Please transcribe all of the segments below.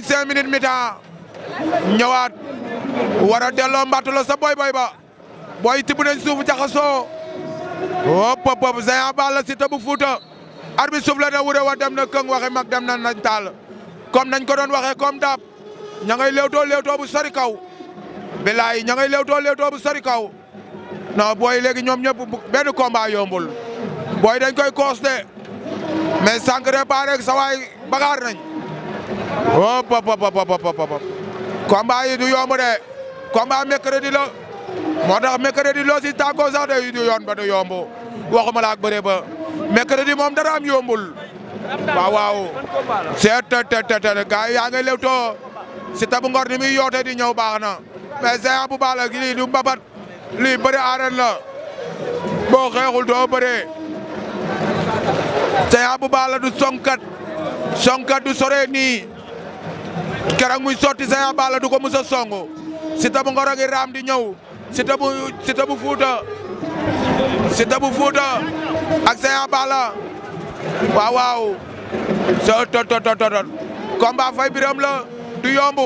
nañ cinq minutes war a delloo mbattulo sa boy boy ba boy tibb nañ suuf jaxasoo hop hop hop Géant Balla Siteu bu Fuuta arbitre suuf la na wure wa dem na këng waxe mag dem na nañ taal comme nañ ko doon waxee comme daab ña ngay léewtoo léewtoo bu sori kaw bilaay ña ngay léewtoo léewtoo bu sori kaw non booy léegi ñoom ñëpp benn combat yombul booy dañ koy coos de mais sànq réparé ak sa waay bagaar nañ hop oh, hop hop hop hop combat yi du yomb de combat mercredi la moo tax mercredi loo si tàggoo sax de du yoon ba du yomb waxuma la ak bëre ba mercredi moom dara am yombul waaw waaw seet te te te gars yi yaa ngi lew too si tabu ngor ni muy yoote di ñëw baax na mais Géant bu Balla gi lii du mbabat lii bëri arène la boo xeexul doo bëree Géant bu Balla du sonkat Sonka du sore nii keroog muy sotti Géant du ko mës a song Siteu bu Ngor gi raam di ñëw Siteu bu bu Fuuta Siteu bu Fuuta ak Géant Balla waaw waaw so tot tot fay biram la du yomb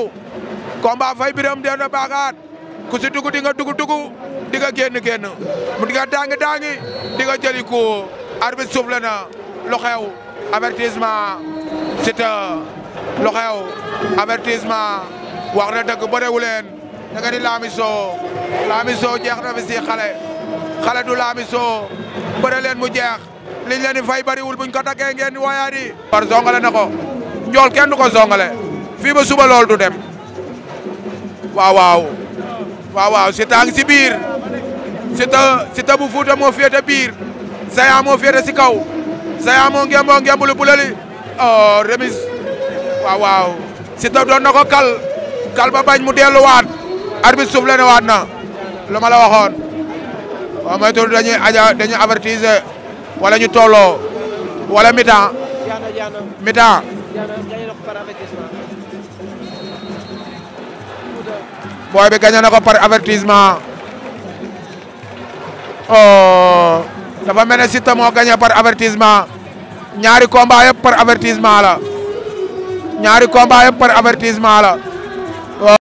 combat fay biram dee na ku si dugg di nga dugg dugg génn génn mu di nga daangi daangi jëli ko arbitre souffle na lu xew Siteu lu xew wax na dëgg bërewu leen da nga di laamisoo jeex na fi si xale xale du laamisoo bëre leen mu jeex liñ leen di fay buñ ko daggee ngeen waayaa di war zongale na ko njool kenn ko zongale fii ba suba lool du dem waaw waaw waaw waaw Siteu a ngi si biir Siteu Siteu bu Fuuta moo féete biir Zaya moo féete si kaw Zaya moo ngemboo ngembulu bulali Oh, remise waaw waaw Siteu doon na ko kal kal ba bañ mu delluwaat arbitre suuf la ne waat na lu ma la waxoon waaw mooy tur dañuy aja dañuy avertiser wala ñu tolloo wala mi-temps mi-temps booy bi gagné na ko par avertissement oh dafa mel ne Siteu moo gagné par avertissement ñaari combat yëpp par avertissement la ñaari combat yëpp par avertissement la.